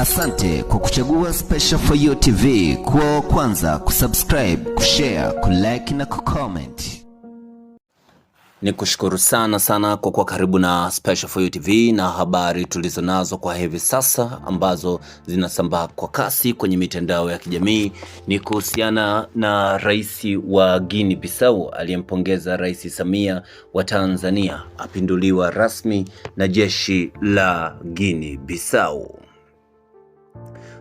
Asante kwa kuchagua Special For You TV kuwa wa kwanza kusubscribe, kushare, kulike na kucomment. Ni kushukuru sana sana kwa kuwa karibu na Special For You TV na habari tulizo nazo kwa hivi sasa ambazo zinasambaa kwa kasi kwenye mitandao ya kijamii ni kuhusiana na rais wa Guinea Bissau aliyempongeza Rais Samia wa Tanzania apinduliwa rasmi na jeshi la Guinea Bissau.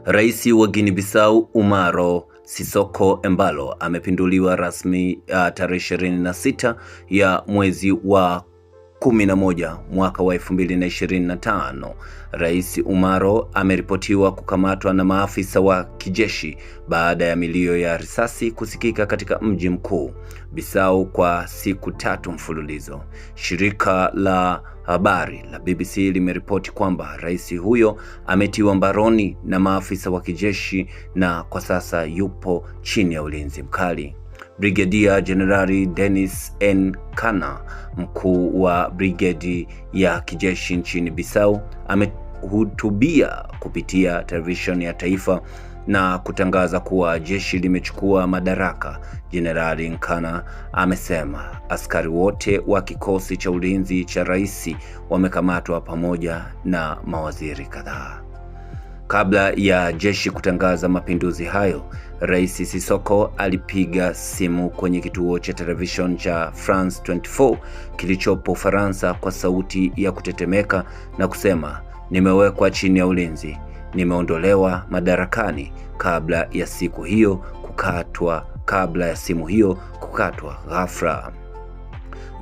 Rais wa Guinea Bissau Umaro Sisoko Embalo amepinduliwa rasmi uh, tarehe 26 ya mwezi wa 11 mwaka wa 2025, Rais Umaro ameripotiwa kukamatwa na maafisa wa kijeshi baada ya milio ya risasi kusikika katika mji mkuu Bissau kwa siku tatu mfululizo. Shirika la habari la BBC limeripoti kwamba rais huyo ametiwa mbaroni na maafisa wa kijeshi na kwa sasa yupo chini ya ulinzi mkali. Brigedia Jenerali Dennis N. Kana, mkuu wa brigedi ya kijeshi nchini Bissau, amehutubia kupitia televisheni ya taifa na kutangaza kuwa jeshi limechukua madaraka. Jenerali Nkana amesema askari wote wa kikosi cha ulinzi cha rais wamekamatwa pamoja na mawaziri kadhaa. Kabla ya jeshi kutangaza mapinduzi hayo, Rais sisoko alipiga simu kwenye kituo cha television cha France 24 kilichopo Ufaransa kwa sauti ya kutetemeka na kusema, nimewekwa chini ya ulinzi, nimeondolewa madarakani kabla ya siku hiyo kukatwa, kabla ya simu hiyo kukatwa ghafla.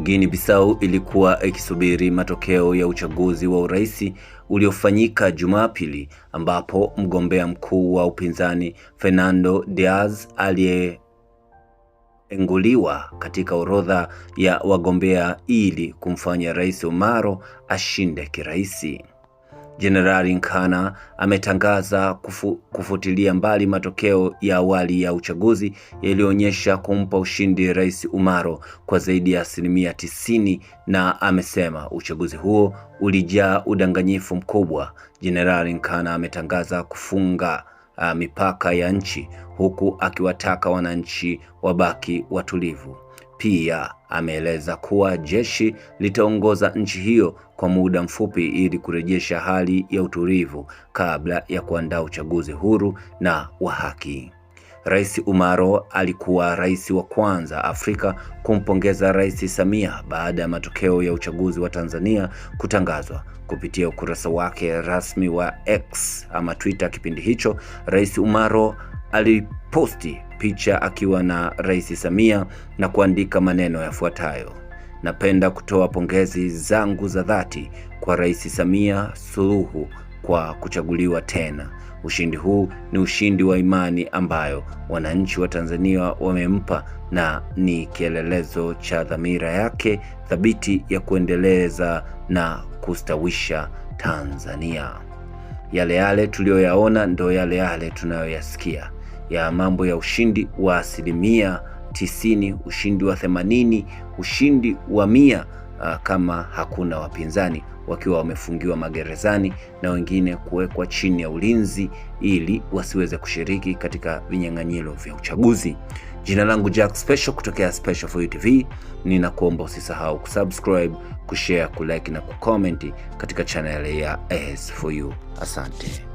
Guinea Bissau ilikuwa ikisubiri matokeo ya uchaguzi wa urais uliofanyika Jumapili ambapo mgombea mkuu wa upinzani Fernando Dias aliyeenguliwa katika orodha ya wagombea ili kumfanya Rais Omaro ashinde kiraisi. Jenerali Nkana ametangaza kufu, kufutilia mbali matokeo ya awali ya uchaguzi yaliyoonyesha kumpa ushindi Rais Umaro kwa zaidi ya asilimia tisini na amesema uchaguzi huo ulijaa udanganyifu mkubwa. Jenerali Nkana ametangaza kufunga uh, mipaka ya nchi huku akiwataka wananchi wabaki watulivu. Pia ameeleza kuwa jeshi litaongoza nchi hiyo kwa muda mfupi ili kurejesha hali ya utulivu kabla ya kuandaa uchaguzi huru na wa haki. Rais Umaro alikuwa rais wa kwanza Afrika kumpongeza Rais Samia baada ya matokeo ya uchaguzi wa Tanzania kutangazwa. Kupitia ukurasa wake rasmi wa X ama Twitter kipindi hicho, Rais Umaro aliposti picha akiwa na Rais Samia na kuandika maneno yafuatayo: napenda kutoa pongezi zangu za dhati kwa Rais Samia Suluhu kwa kuchaguliwa tena. Ushindi huu ni ushindi wa imani ambayo wananchi wa Tanzania wamempa na ni kielelezo cha dhamira yake thabiti ya kuendeleza na kustawisha Tanzania. Yale yale tuliyoyaona ndo yale yale tunayoyasikia ya mambo ya ushindi wa asilimia tisini, ushindi wa themanini, ushindi wa mia ah, kama hakuna wapinzani wakiwa wamefungiwa magerezani na wengine kuwekwa chini ya ulinzi ili wasiweze kushiriki katika vinyang'anyiro vya uchaguzi. Jina langu Jack Special kutokea Special for You TV, ninakuomba usisahau kusubscribe, kushare, kulike na kucomment katika channel ya AS for You. Asante.